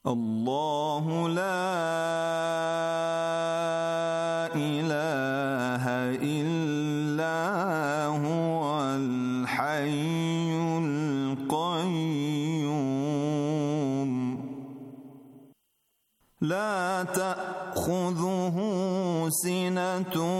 الله لا إله إلا هو الحي القيوم لا تأخذه سنة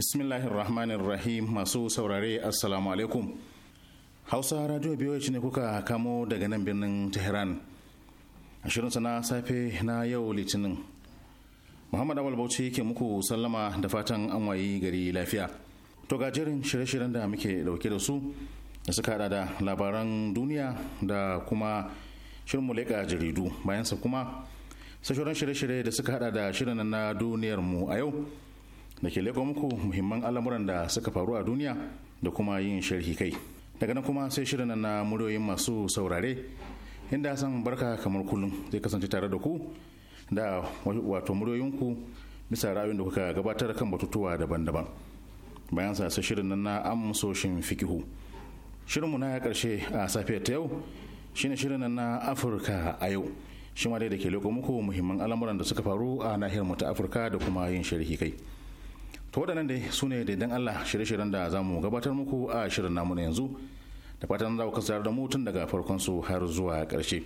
bismillahir rahmanir rahim masu saurare assalamu alaikum hausa radio biyu ne kuka kamo daga nan birnin tehran ashirin na safe na yau litinin muhammad awal bauchi ke muku sallama da fatan an wayi gari lafiya to gajerin shirye-shiryen da muke dauke da su da suka hada da labaran duniya da kuma shirin muleka jaridu bayansa kuma sashoran shirye-shirye da suka hada da shirin na duniyar mu a yau da ke lego muku muhimman al'amuran da suka faru a duniya da kuma yin sharhi kai daga nan kuma sai shirin na muryoyin masu saurare inda san barka kamar kullum zai kasance tare da ku da wato muryoyinku bisa ra'ayoyin da kuka gabatar kan batutuwa daban-daban bayan sa sai shirin na amsoshin fikihu shirinmu na ya karshe a safiyar ta yau shine shirin na afirka a yau shi ma dai da ke leko muku muhimman al'amuran da suka faru a nahiyar mu ta afirka da kuma yin sharhi kai to waɗannan dai su ne da idan allah shirye-shiryen da za mu gabatar muku a shirin namu na yanzu da fatan za ku kasar da mu daga farkon su har zuwa ƙarshe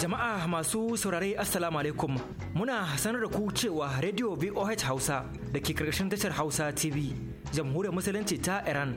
jama'a masu saurare assalamu alaikum muna sanar da ku cewa radio voh hausa da ke karkashin tashar hausa tv jamhuriyar musulunci ta iran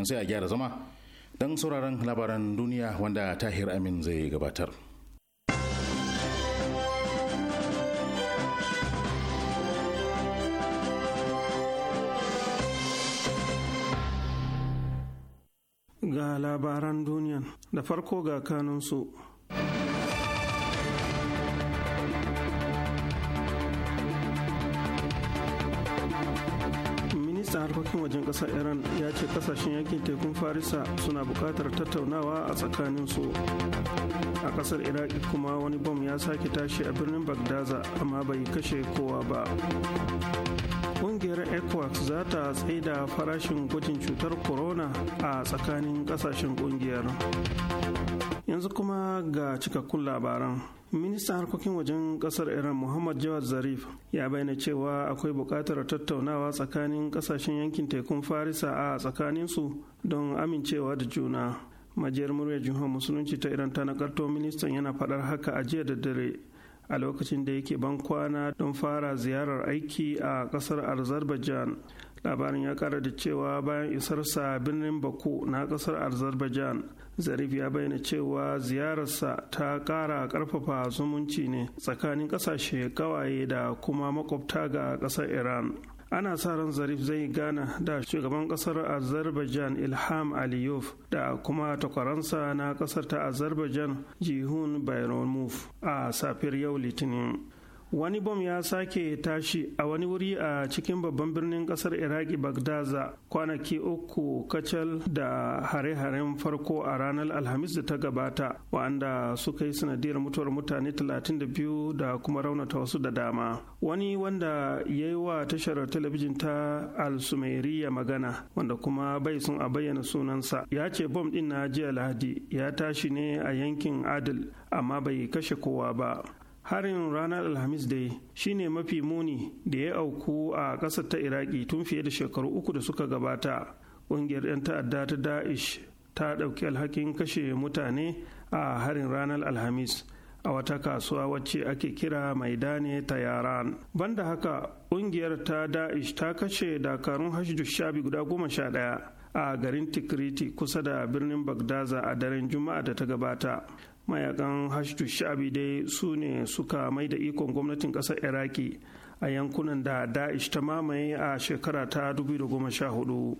yanzu a gyara zama don sauraron labaran duniya wanda tahir amin zai gabatar ga labaran duniyan da farko ga kanunsu harkokin wajen ƙasar iran ya ce ƙasashen yakin tekun farisa suna buƙatar tattaunawa a tsakanin a ƙasar iraki kuma wani bom ya sake tashi a birnin bagdaza amma bai kashe kowa ba ƙungiyar ecowas za ta tsaida farashin gwajin cutar corona a tsakanin ƙasashen ƙungiyar yanzu kuma ga cikakkun labaran ministan harkokin wajen kasar iran muhammad jawad zarif ya bayyana cewa akwai buƙatar tattaunawa tsakanin ƙasashen yankin tekun farisa a tsakaninsu don amincewa da juna majiyar muryar jihar musulunci ta iran ta nakarto ministan yana faɗar haka a jiya da dare a lokacin da yake ban kwana don fara ziyarar aiki a ƙasar azerbaijan labarin ya kara da cewa bayan isarsa birnin baku na ƙasar azerbaijan zarif ya bayyana cewa ziyararsa ta kara karfafa zumunci ne tsakanin kasashe kawaye da kuma makwabta ga kasar iran ana sa ran zarif zai gana da shugaban kasar azerbaijan ilham aliyov da kuma takwaransa na kasar ta azerbaijan jihun bayramov a safiyar yau litinin wani bom ya sake tashi a wani wuri a cikin babban birnin kasar iraki bagdaza kwanaki uku kacal da hare-haren farko a ranar alhamis da ta gabata wa'anda suka yi sanadiyar mutuwar mutane 32 da kuma raunata wasu da dama wani wanda ya yi wa tashar talabijin ta alsumairiya magana wanda kuma bai sun a bayyana sunansa ya ce bom din na jiya lahadi ya tashi ne a yankin adil amma bai kashe kowa ba harin ranar alhamis dai shine mafi muni da ya auku a ƙasar ta iraki tun fiye da shekaru uku da suka gabata ƙungiyar 'yan ta'adda ta da'ish ta ɗauki alhakin kashe mutane a harin ranar alhamis a wata kasuwa wacce ake kira dane ta yaran banda haka ƙungiyar ta da'ish ta kashe dakarun hashdu shabi guda goma sha ɗaya a garin tikriti kusa da birnin bagdaza a daren juma'a da ta gabata mayakan hashtu sha'abi dai su ne suka mai da ikon gwamnatin ƙasar iraki a yankunan da da'ish ta mamaye a shekara ta 2014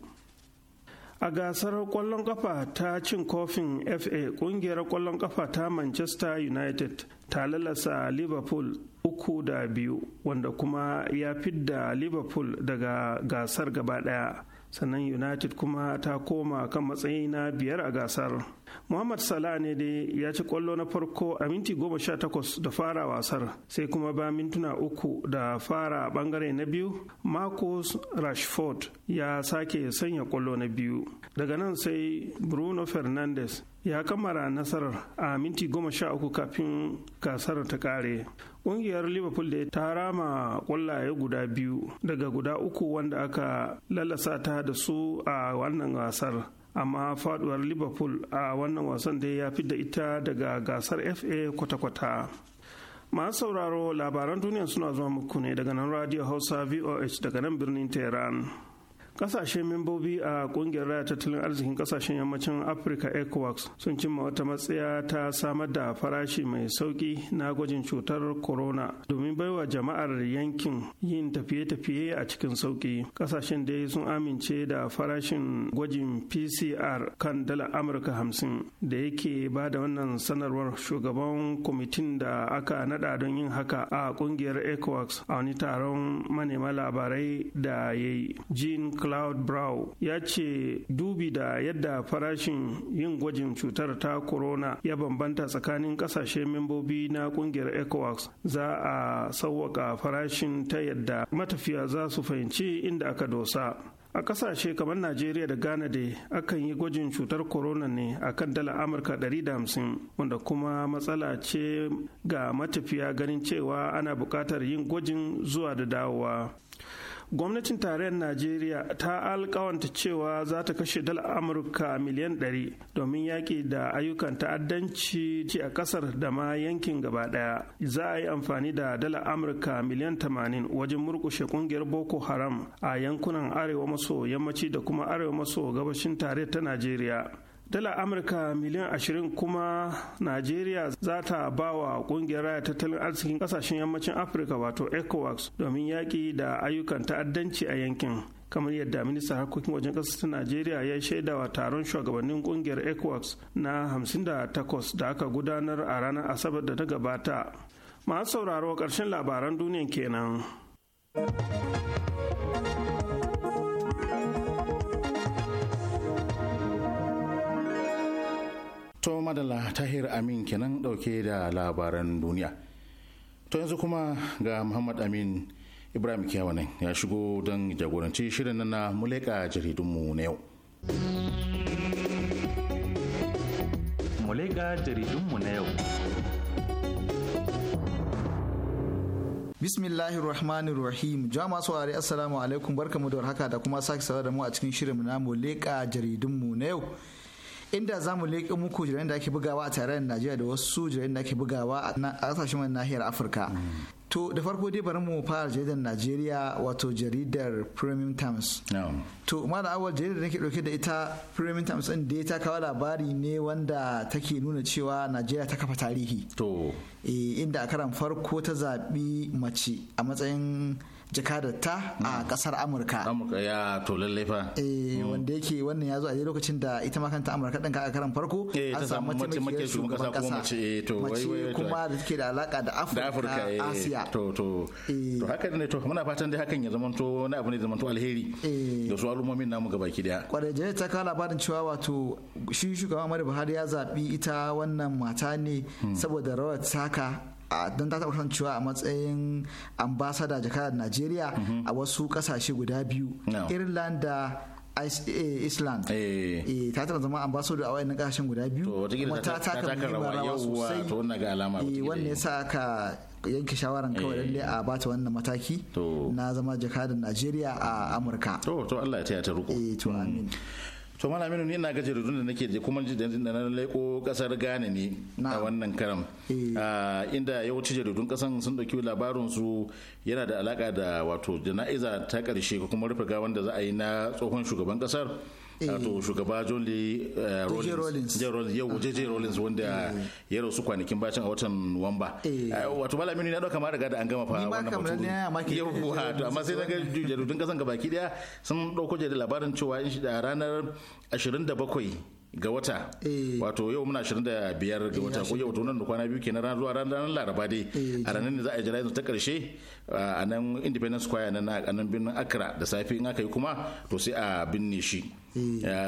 a gasar kwallon kafa ta cin kofin fa kungiyar kwallon kafa ta manchester united ta lalasa liverpool uku da biyu wanda kuma ya fidda liverpool daga gasar gaba daya sannan united kuma ta koma kan matsayi na biyar a gasar muhammad salah ne dai ya ci kwallo na farko a minti goma sha takwas da fara wasar sai kuma ba mintuna uku da fara bangare na biyu marcus rashford ya sake sanya kwallo na biyu daga nan sai bruno fernandes ya kammara nasarar a minti goma sha uku kafin gasar ta kare Ƙungiyar Liverpool da ta rama kwallaye guda biyu daga guda uku wanda aka lalasa ta da su a wannan wasar Amma faduwar Liverpool a wannan wasan da ya fi da ita daga gasar FA kwata-kwata. Masu sauraro labaran duniya suna zuwa muku ne daga nan Radio Hausa VOH daga nan birnin Tehran. Kasashen membobi a kungiyar raya tattalin arzikin kasashen yammacin Afirka ECOWAS sun cimma wata matsaya ta samar da farashi mai sauki na gwajin cutar corona domin baiwa jama'ar yankin yin tafiye-tafiye a cikin sauki. Kasashen dai sun amince da farashin gwajin PCR kan dala Amurka hamsin da yake ba da wannan sanarwar shugaban kwamitin da aka nada don yin haka a kungiyar ECOWAS a wani taron manema labarai da ya yi. Jean Claude Brau ya ce dubi da yadda farashin yin gwajin cutar ta corona ya bambanta tsakanin kasashe membobi na kungiyar ECOWAS za a sauwaka farashin ta yadda matafiya za su fahimci inda aka dosa. a kasashe kamar najeriya da ghana da akan yi gwajin cutar corona ne a kan dala amurka 150 wanda kuma matsala ce ga matafiya ganin cewa ana bukatar yin gwajin zuwa da dawowa gwamnatin tarayyar najeriya ta alkawanta cewa za ta kashe dala amurka miliyan 100 domin yaƙi da ayyukan ta'addanci a ƙasar da ma yankin gaba ɗaya za a yi amfani da dala amurka miliyan 80 wajen murkushe ƙungiyar boko haram a yankunan arewa maso yammaci da kuma arewa maso gabashin tarayyar ta najeriya dala amurka miliyan ashirin kuma najeriya za ta ba wa kungiyar raya tattalin arzikin kasashen yammacin afirka wato ecowas domin yaƙi da ayyukan ta'addanci a yankin kamar yadda ministan harkokin wajen ƙasar najeriya ya shaida wa taron shugabannin kungiyar ecowas na 58 da aka gudanar a ranar asabar da ta gabata masu sauraro ƙarshen labaran duniya kenan. to madalla tahir amin kenan dauke da labaran duniya to yanzu kuma ga muhammad amin ibrahim Kiyawanin ya shigo don jagoranci shirin nan na muleka jaridunmu na yau muleka jaridunmu na yau Bismillahir Rahmanir Rahim. Jama saurari Assalamu alaikum barkamu da warhaka da kuma sake saurara da mu a cikin shirin na mu jaridunmu na yau. inda za mu leƙe muku jiran da ake bugawa a tarayyar najeriya da wasu jiran da ake bugawa a ƙasashen nahiyar afirka to da farko dai bari mu fara jaridar najeriya wato jaridar premium times to ma da awal jaridar da nake dauke da ita premium times din da ta kawo labari ne wanda take nuna cewa najeriya ta kafa tarihi to eh, inda a karan farko ta zaɓi mace a matsayin ta a kasar mm. amurka amurka ya to lallai fa eh mm. wanda yake wannan ya zo a lokacin da ita ma kanta amurka din ka karan farko eh, an samu mace shugaban kasa mace kuma da take da alaka da afirka eh, asiya to to eh. to haka ne to muna fatan dai hakan ya zamanto na abu ne zamanto alheri da su al'ummomin namu gabaki daya kwarai jami'a ta kawo labarin cewa wato shi shugaban mari Buhari ya zabi ita wannan mata ne hmm. saboda rawar taka don ta taɓa cewa a matsayin ambasada jakarar najeriya mhm. a wasu ƙasashe guda biyu irland da Iceland eh, eh. eh, ta taɓa zama ambasada a wayannan ƙasashen guda biyu kuma ta taka muhimmiyar rawa sosai wanda ya sa ka yanke shawaran kawai lalle a bata wannan mataki na zama jakarar Najeriya a Amurka to to Allah ya taya ta riko eh to hmm. amin to malaminu ni ina ga jaridun da nake je kuma da na leko kasar Ghana ne a wannan karam eh. ah, inda wuce jaridun kasan sun dauki labarin su yana da alaka da wato jana'iza ta karshe kuma rufe gawan da za a yi na tsohon shugaban kasar Eh, to shugaba john lee eh, rollins yau jj ah. rollins wanda eh. ya rasu kwanakin bacin a watan nuwamba wato malaminu na dauka ma riga da an gama fa wannan batu yau kuwa to amma sai na ga jaridun kasan gabaki daya sun dauko jaridar labarin cewa ranar 27 ga wata eh. wato yau muna da biyar ga eh, wata ko yau tunan da kwana biyu kenan ran zuwa ranar laraba dai eh, a ranar ne za a jira jana'izar ta karshe a nan independence square na nan birnin accra da safe in aka yi kuma to sai a binne shi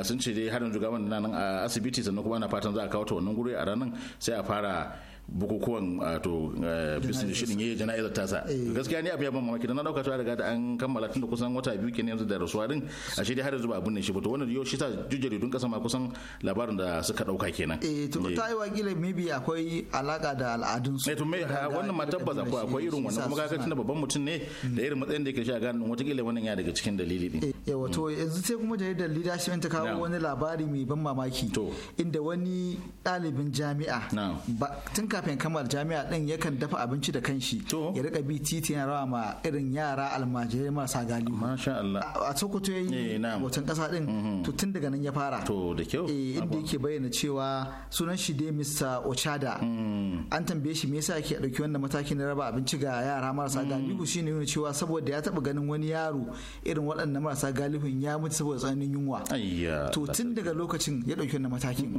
sun ce dai har yanzu gaban nan a asibiti sannan kuma ana fatan za a kawo ta wannan guri a ranar sai a fara bukukuwan ah, to eh, shirin yayi jana'izar tasa eh. gaskiya ne abin ya ban mamaki da na dauka ta riga da an kammala tun da kusan wata biyu kenan yanzu da rasuwa din a shi dai har yanzu ba abin shi ba to wannan yau shi ta jujjere dun kasa ma kusan labarin da suka dauka kenan eh to ta yi wakilin maybe akwai alaka da al'adun su eh to mai wannan ma tabbas akwai akwai irin wannan kuma kaga tunda babban mutum ne mm. da irin matsayin da yake shi a ganin kila wannan ya daga cikin dalili din eh wato mm. yanzu sai kuma jaridar leadership ta kawo wani labari mai ban mamaki inda wani ɗalibin jami'a tun kafin kammala jami'a din yakan dafa abinci da kanshi ya rika bi titi yana rawa ma irin yara almajirai marasa galihu masha Allah a Sokoto yayi hoton eh, kasa din mm-hmm. to tun daga nan ya fara to da kyau eh inda yake bayyana cewa sunan shi dai Mr. Ochada mm. an tambaye shi me yasa yake dauki wannan matakin na raba abinci ga yara marasa mm. galihu shine yana cewa saboda ya taba ganin wani yaro irin waɗannan marasa galihun ya mutu saboda tsananin yunwa to tun daga lokacin ya dauki wannan matakin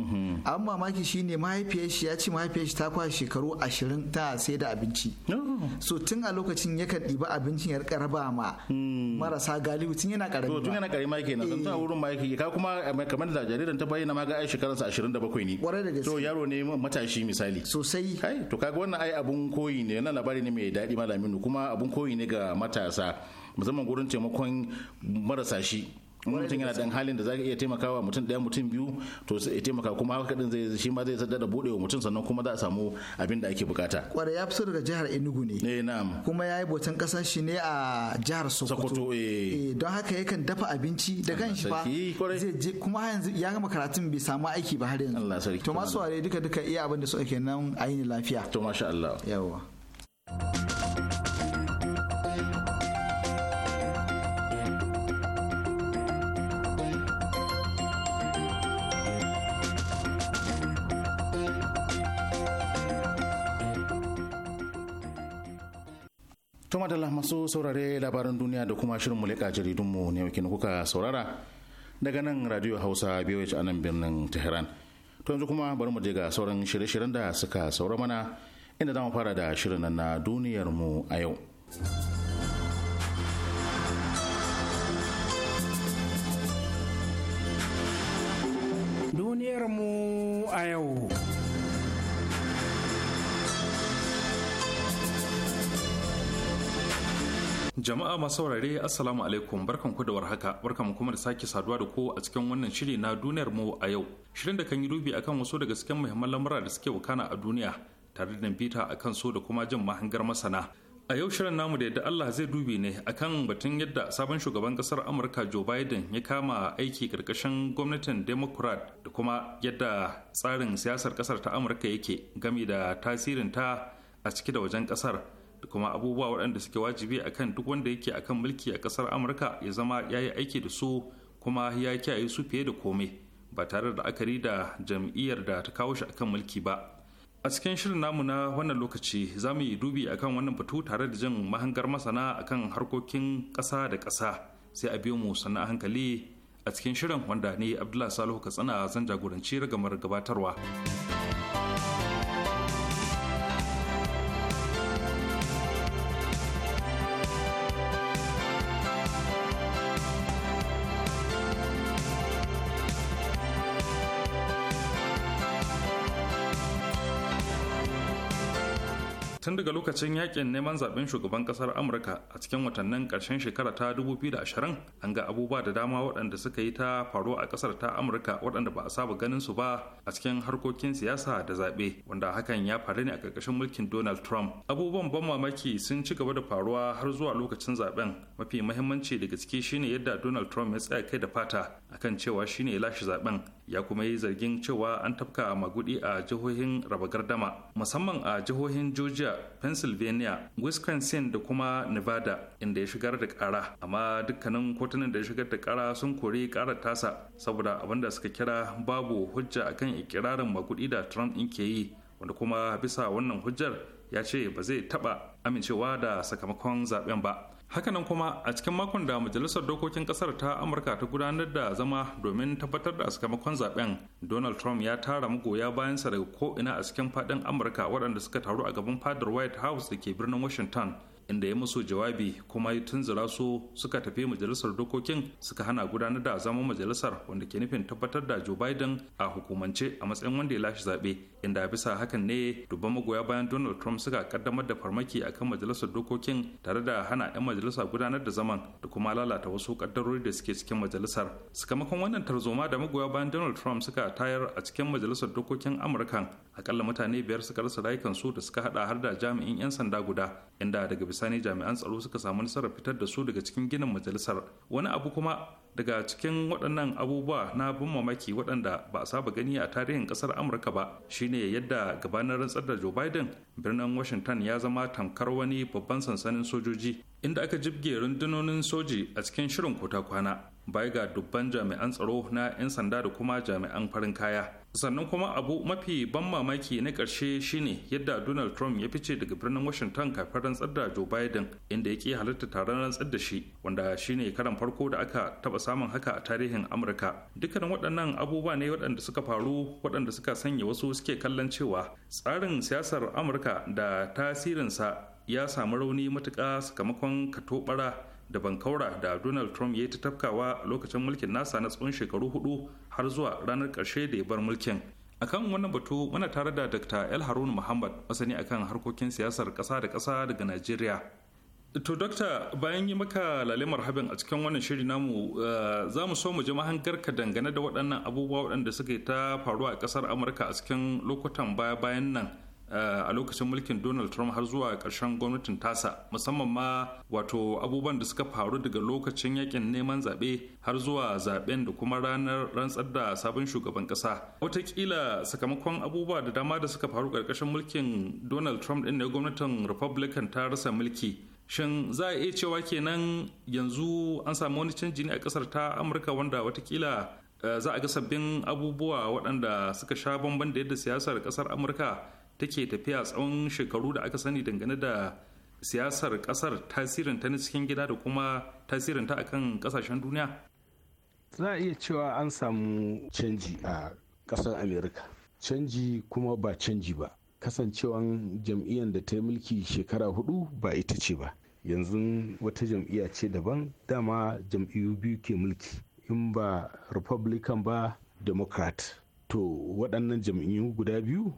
amma mm-hmm. mamaki shine mahaifiyar shi ya ce mahaifiyar shi ta zuwa shekaru ashirin ta sai da abinci oh. so tun a lokacin yakan ɗiba abincin ya rika raba ma hmm. marasa galibi tun yana karami tun yana ƙarami ma na tun a eh. wurin ma yake ka kuma eh, kamar da jaririn ta bayyana ma ga ai shekarunsa 27 ne kwarai da gaske so yaro ne matashi misali sosai kai to kaga wannan ai abun koyi ne wannan labari ne mai daɗi malaminu kuma abun koyi ne ga matasa musamman gurin taimakon marasa shi mutum yana dan halin da zaka iya taimakawa mutum daya mutum biyu to sai ya taimaka kuma haka din zai shi ma zai sadda wa mutum sannan kuma za a samu abin da ake bukata kwarai ya fi daga jihar Enugu ne eh na'am kuma yayi botan kasar shi ne a jihar Sokoto eh. eh don haka yakan dafa abinci da kanshi fa zai je kuma yanzu ya gama karatun bai samu aiki ba har yanzu Allah sarki to masu ware duka duka iya abin da su ake nan ayi lafiya to masha Allah yawa masu saurare labaran duniya da kuma shirin mulika jaridunmu ne wakil kuka saurara daga nan radio hausa biyu a nan birnin tehran to yanzu kuma bari mu je ga sauran shirye-shiryen da suka saura mana inda zamu fara da shirin na duniyar mu a yau duniyar mu a yau Jama'a masu saurare Assalamu alaikum barkan ku da warhaka barkan kuma da sake saduwa da ku a cikin wannan shiri na duniyar mu a yau. Shirin da kan yi dubi akan wasu daga cikin muhimman lamura da suke wakana a duniya tare da bita akan so da kuma jin mahangar masana. A yau shirin namu da yadda Allah zai dubi ne akan batun yadda sabon shugaban kasar Amurka Joe Biden ya kama aiki karkashin gwamnatin Democrat da kuma yadda tsarin siyasar kasar ta Amurka yake game da tasirin ta a ciki da wajen kasar. da kuma abubuwa waɗanda suke wajibi akan duk wanda yake akan mulki a ƙasar amurka ya zama ya yi aiki da su kuma ya kiyaye su fiye da komai ba tare da akari da jam'iyyar da ta kawo shi akan mulki ba a cikin shirin namu na wannan lokaci za mu yi dubi akan wannan batu tare da jin mahangar masana akan harkokin ƙasa da ƙasa sai a biyo mu sannan hankali a cikin shirin wanda ne abdullahi salihu katsina zan jagoranci ragamar gabatarwa. daga lokacin yakin neman zaben shugaban kasar amurka a cikin watannin karshen shekara ta 2020 an ga abubuwa da dama waɗanda suka yi ta faru a kasar ta amurka waɗanda ba a saba ganin su ba a cikin harkokin siyasa da zaɓe wanda hakan ya faru ne a ƙarƙashin mulkin donald trump abubuwan ban mamaki sun ci gaba da faruwa har zuwa lokacin zaben mafi mahimmanci daga ciki shine yadda donald trump ya tsaya kai da fata akan cewa shine ya lashe zaben ya kuma yi zargin cewa an tafka magudi a jihohin raba gardama musamman a jihohin georgia pennsylvania wisconsin da kuma nevada inda ya shigar da kara amma dukkanin kotunan da ya shigar da kara sun kori karar tasa saboda abinda suka kira babu hujja akan ikirarin magudi da trump in ke yi wanda kuma bisa wannan hujjar ya ce ba zai taɓa amincewa da sakamakon zaben ba hakanan kuma a cikin makon da majalisar dokokin kasar ta amurka ta gudanar da zama domin tabbatar da sakamakon zaben donald trump ya tara magoya bayansa daga ko'ina a cikin fadin amurka waɗanda suka taru a gaban fadar white house da ke birnin washington inda ya musu jawabi kuma ya tunzura su suka tafi majalisar dokokin suka hana gudanar da zaman majalisar wanda ke nufin tabbatar da Joe Biden a hukumance a matsayin wanda ya lashe zaɓe inda bisa hakan ne dubban magoya bayan Donald Trump suka kaddamar da farmaki akan majalisar dokokin tare da hana 'yan majalisa gudanar da zaman da kuma lalata wasu kaddarori da suke cikin majalisar sakamakon wannan tarzoma da magoya bayan Donald Trump suka tayar a cikin majalisar dokokin Amurka akalla mutane biyar suka rasa rayukansu da suka hada har da jami'in 'yan sanda guda inda daga bisani jami'an tsaro suka samu nasarar fitar da su daga cikin ginin majalisar wani abu kuma daga cikin waɗannan abubuwa na bin mamaki waɗanda ba a saba gani a tarihin ƙasar amurka ba shine yadda gabanin rantsar da joe biden birnin washington ya zama tamkar wani babban sansanin sojoji inda aka jibge rundunonin soji a cikin shirin kota kwana bai ga dubban jami'an tsaro na 'yan sanda da kuma jami'an farin kaya sannan kuma abu mafi ban mamaki na ƙarshe shine yadda donald trump ya fice daga birnin washington kafin rantsar da joe biden inda ya ki halarta taron rantsar da shi wanda shine karan farko da aka taba samun haka a tarihin amurka dukkanin waɗannan abubuwa ne waɗanda suka faru waɗanda suka sanya wasu suke kallon cewa tsarin siyasar amurka da tasirinsa ya samu rauni matuƙa sakamakon katobara da bankaura da donald trump ya yi ta tafkawa lokacin mulkin nasa na tsawon shekaru hudu har zuwa ranar karshe da ya bar mulkin akan wannan batu muna tare da dr el harun muhammad masani akan harkokin siyasar kasa da kasa daga nigeria. to dokta bayan yi maka lalimar habin a cikin wannan shiri namu eh, za mu so mu ji ka dangane da waɗannan abubuwa waɗanda suka ta faru a ƙasar amurka a cikin lokutan baya bayan nan Eh, a lokacin mulkin donald trump har zuwa karshen gwamnatin tasa musamman ma wato abubuwan da suka faru daga lokacin yakin neman zaɓe har zuwa zaɓen da kuma ranar rantsar da sabon shugaban ƙasa watakila sakamakon abubuwa da dama da suka faru ƙarƙashin mulkin donald trump ɗin ne gwamnatin republican ta rasa mulki shin za a iya cewa kenan yanzu an samu wani canji ne a kasar ta amurka wanda watakila eh, za a ga sabbin abubuwa waɗanda suka sha bamban da yadda siyasar ƙasar amurka take tafiya tsawon shekaru da aka sani dangane da siyasar kasar tasirin ta na cikin gida da kuma tasirin ta akan kasashen duniya za a iya cewa an samu canji a kasar america canji kuma ba canji ba kasancewan jam'iyyar da ta yi mulki shekara hudu ba ita ce ba yanzu wata jam'iyya ce daban dama jam'iyyu biyu ke mulki in ba republican ba democrat to waɗannan jam'iyyu guda biyu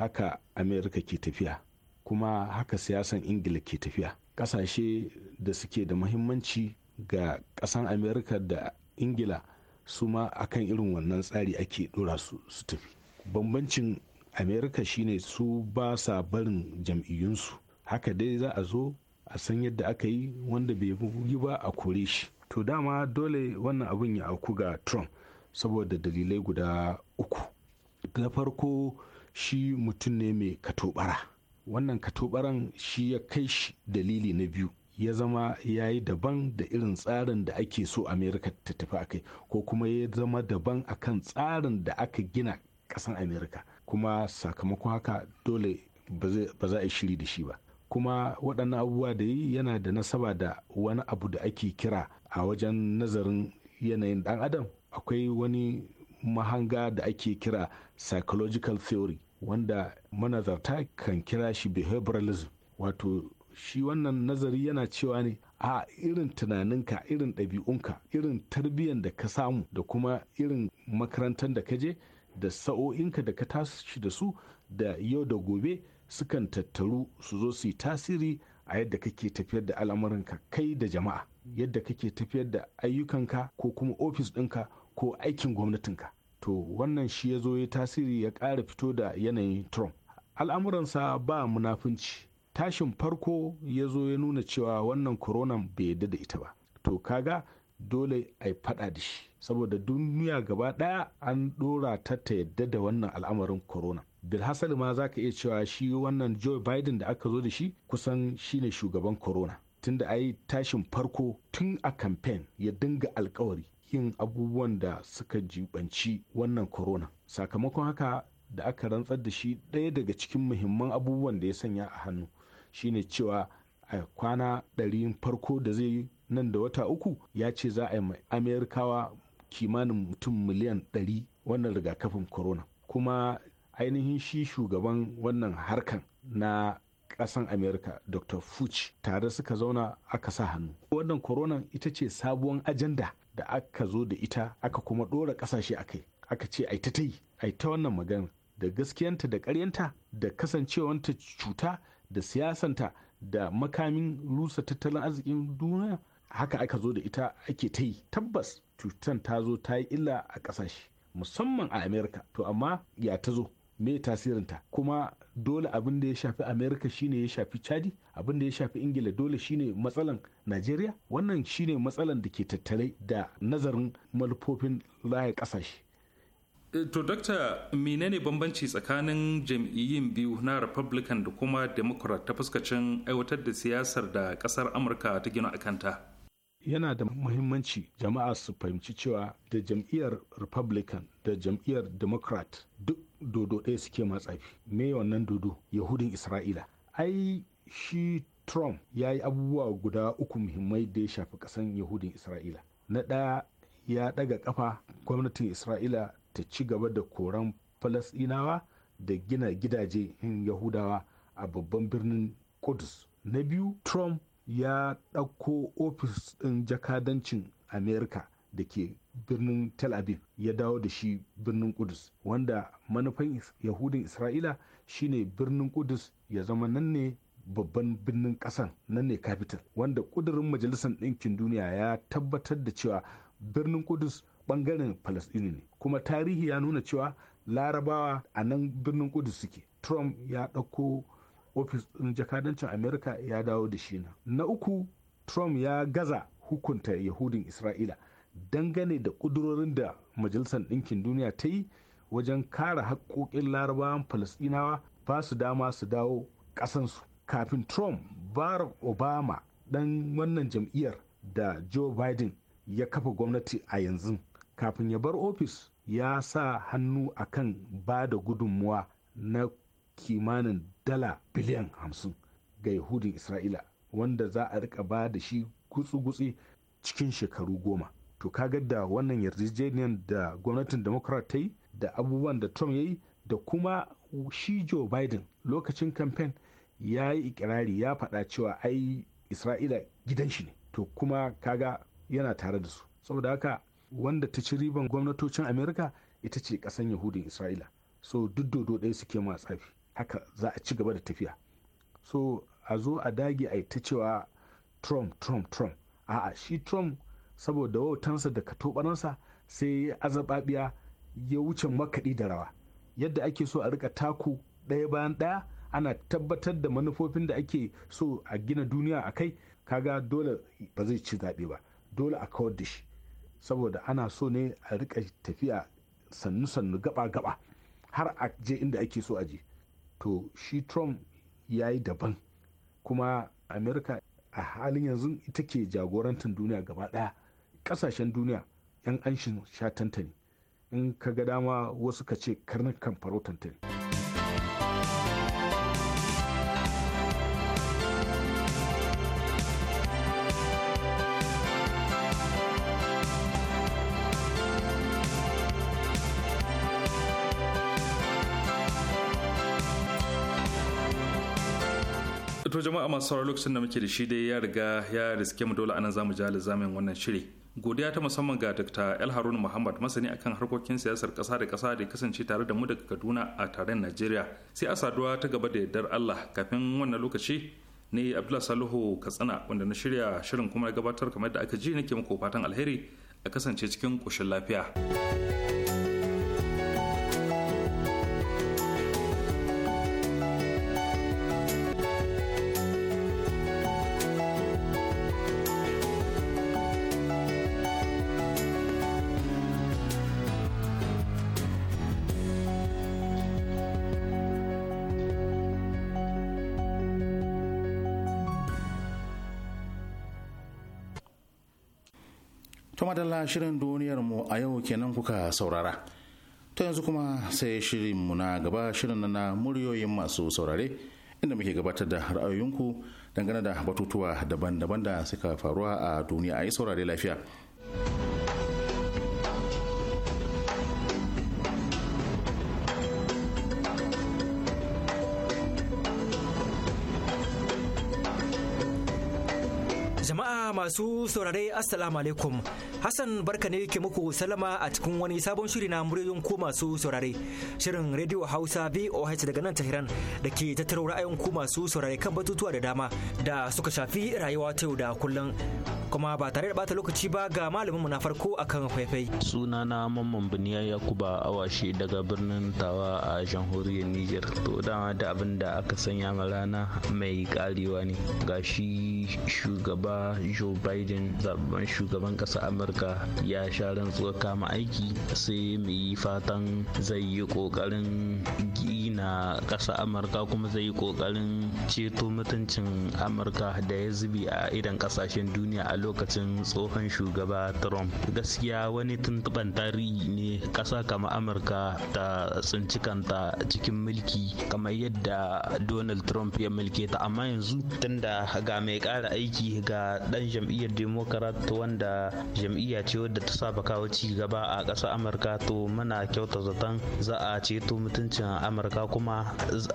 haka amerika ke tafiya kuma haka siyasan ingila ke tafiya kasashe da suke da muhimmanci ga kasan amerika da ingila su ma akan irin wannan tsari ake ɗora su su tafi bambancin amerika shine su ba sa barin jam'iyyunsu haka dai za a zo a san yadda aka yi wanda bai yi ba a kore shi to dama dole wannan abin ya auku ga trump saboda dalilai guda uku na farko shi mutum ne mai katobara wannan katobaran shi ya kai shi dalili na biyu ya zama ya yi daban da irin tsarin da ake so amerika ta tafi a kai ko kuma ya zama daban a kan tsarin da aka gina ƙasan amerika kuma sakamakon haka dole ba za a shiri da shi ba kuma waɗannan abubuwa da yi yana da nasaba da wani abu da ake kira a wajen nazarin yanayin ɗan adam akwai wani mahanga da ake kira psychological theory wanda manazarta kan kira shi behavioralism wato shi wannan nazari yana cewa ne a irin tunaninka irin ɗabi'unka irin tarbiyyar da ka samu da kuma irin makarantar da ka je da sa'o'inka da ka tashi da su da yau da gobe sukan tattaru su zo su yi tasiri a yadda kake tafiyar da al'amuranka kai da jama'a yadda kake tafiyar da ayyukanka ko kuma ofis ɗinka ko aikin gwamnatinka to wannan shi ya zo ya tasiri ya ƙara fito da yanayin trump al'amuransa ba munafunci tashin farko ya zo ya nuna cewa wannan koronan bai yadda da ita ba to kaga dole a yi fada da shi saboda duniya gaba daya an dora ta ta yadda da wannan al'amarin corona bilhassali ma za ka iya cewa shi wannan joe biden da aka zo da shi kusan shine shugaban corona tunda a yi tashin farko tun a kamfen ya dinga alkawari yin abubuwan da suka jibanci wannan corona sakamakon haka da aka rantsar da shi ɗaya daga cikin muhimman abubuwan da ya sanya a hannu shine cewa a kwana ɗari farko da zai yi nan da wata uku ya ce za a yi amerikawa kimanin mutum miliyan ɗari wannan rigakafin corona kuma ainihin shi shugaban wannan harkan na ƙasan america dr fuch tare suka zauna aka sa hannu wannan corona ita ce sabuwar ajanda da aka zo da ita aka kuma ɗora ƙasashe a kai aka ce ai ta tai ai ta wannan magana da gaskiyanta da karyanta da kasancewanta cuta da siyasanta da makamin rusa tattalin arzikin duniya haka aka zo da ita ake ta yi tabbas cutan ta zo ta yi illa a ƙasashe musamman a amerika to amma ya ta zo me tasirinta kuma dole abin da ya shafi america shine ya shafi chadi abin da ya shafi ingila dole shine matsalan najeriya wannan shine matsalan da ke tattare da nazarin malfofin raya kasashe eh, to dokta menene bambanci tsakanin jam'iyyun biyu na republican da kuma democrat ta fuskacin aiwatar da siyasar da kasar amurka ta gina akanta yana da muhimmanci jama'a su fahimci cewa da jam'iyyar republican da jam'iyyar democrat duk dodo ɗaya suke matsafi me wannan dodo yahudin isra'ila ai shi trump ya yi abubuwa guda uku muhimmai da ya shafi ƙasan yahudin isra'ila na ɗaya ya ɗaga ƙafa gwamnatin isra'ila ta ci gaba da koran falasɗinawa da gina gidaje yahudawa a babban birnin kudus na biyu trump ya ɗauko ofis ɗin jakadancin amerika da ke birnin tel aviv ya dawo da shi birnin kudus wanda manufan yahudin isra'ila shine birnin kudus ya zama nan ne babban birnin kasan nan ne capital wanda kudurin majalisar ɗinkin duniya ya tabbatar da cewa birnin kudus bangaren palestini ne kuma tarihi ya nuna cewa larabawa a nan birnin kudus suke trump ya ɗauko ofis ɗin jakadancin amerika ya dawo da shi na uku trump ya gaza hukunta yahudin isra'ila dangane da ƙudurorin da majalisar ɗinkin duniya ta yi wajen kare haƙƙoƙin larabawan falasɗinawa ba su dama su dawo ƙasansu kafin trump barack obama ɗan wannan jam'iyyar da joe biden ya kafa gwamnati a yanzu kafin ya bar ofis ya sa hannu akan ba da gudunmuwa na kimanin dala biliyan hamsin ga yahudin isra'ila wanda za a rika ba da shi gutsi-gutsi cikin shekaru goma to kaga da wannan yarjejeniyar da gwamnatin democrat ta yi da abubuwan da trump ya yi da kuma shi joe biden lokacin kamfen ya yi ikirari ya faɗa cewa ai isra'ila gidan shi ne to kuma kaga yana tare da su saboda haka wanda ta ci riban gwamnatocin amerika ita ce ƙasan yahudin isra'ila so duk dodo ɗaya suke ma tsafi haka za a ci gaba da tafiya so a zo a dage a ta cewa trump trump trump a'a shi trump saboda wautansa da katobaransa sai ya azababiya ya wuce makaɗi da rawa yadda ake so a rika taku ɗaya bayan ɗaya ana tabbatar da manufofin da ake so a gina duniya a kai kaga dole ba zai ci zaɓe ba dole a kawar da shi saboda ana so ne a rika tafiya sannu sannu gaba gaba har a je inda ake so a je to shi trump ya yi daban kuma america a halin yanzu ita ke jagorantar duniya gaba ɗaya kasashen duniya yan anshin sha ne in ka ga dama wasu ka ce karnukan kan ne to jama'a masu sauraron lokacin da muke da shi dai ya riga ya riske mu dole anan zamu ji alizamin wannan shiri godiya ta musamman ga dr el haruna muhammad masani akan harkokin siyasar kasa da kasa da kasance tare da mu daga kaduna a taron najeriya sai a saduwa ta gaba da yardar allah kafin wannan lokaci ne abdullahi salihu katsina wanda na shirya shirin kuma gabatar kamar da aka ji nake muku fatan alheri a kasance cikin koshin lafiya. shirin shirin mu a yau kenan kuka saurara. To yanzu kuma sai mu na gaba shirin na muryoyin masu saurare inda muke gabatar da ra'ayoyinku dangane da batutuwa daban-daban da suka faruwa a duniya a yi saurare lafiya. masu saurare assalamu alaikum hassan barka ne ke muku salama a cikin wani sabon shiri na muryoyin ku masu saurare shirin radio hausa voh daga nan tahiran da ke tattaro ra'ayin ku masu saurare kan batutuwa da dama da suka shafi rayuwa ta yau da kullum kuma ba tare da bata lokaci ba ga malamin mu na farko akan faifai. suna Sunana Mamman buniya Yakuba Awashe daga birnin Tawa a jamhuriyar Niger. To dama da abin da aka sanya ma rana mai karewa ne. Gashi shugaba Joe biden zaɓen shugaban ƙasa amurka ya sha rantsuwar kama aiki sai mu yi fatan zai yi ƙoƙarin na ƙasa amurka kuma zai yi ƙoƙarin ceto mutuncin amurka da ya zubi a idan ƙasashen duniya a lokacin tsohon shugaba trump gaskiya wani tuntuɓan tarihi ne ƙasa kama amurka ta tsinci kanta cikin mulki kamar yadda donald trump ya mulke ta amma yanzu tunda ga mai ƙara aiki ga ɗan jam'iyyar democrat wanda jam'iyya ce wadda ta saba kawo ci gaba a ƙasa amurka to mana kyauta zaton za a ceto mutuncin amurka kuma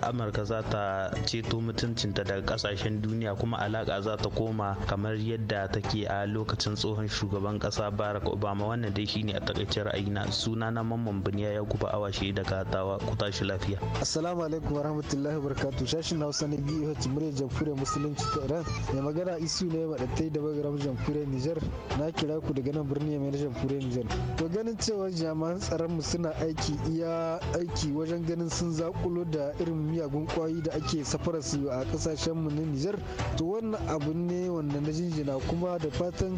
amurka za ta ceto mutuncinta daga kasashen duniya kuma alaka za ta koma kamar yadda take a lokacin tsohon shugaban kasa barack obama wannan dai shine a takaice ra'ayina suna na mamman biniya ya guba shi daga tawa ku tashi lafiya assalamu alaikum warahmatullahi wabarakatuh shashin hausa na biyu hajji murya jamfure musulunci ta iran mai magana isu ne ba da bagaram nijar nijar na kira ku daga nan birni mai jamfure nijar. to ganin cewa jami'an tsaron mu suna aiki iya aiki wajen ganin sun zaku zakulo da irin miyagun kwayoyi da ake safara su a kasashen mu na Nijar to wannan abu ne wanda na jinjina kuma da fatan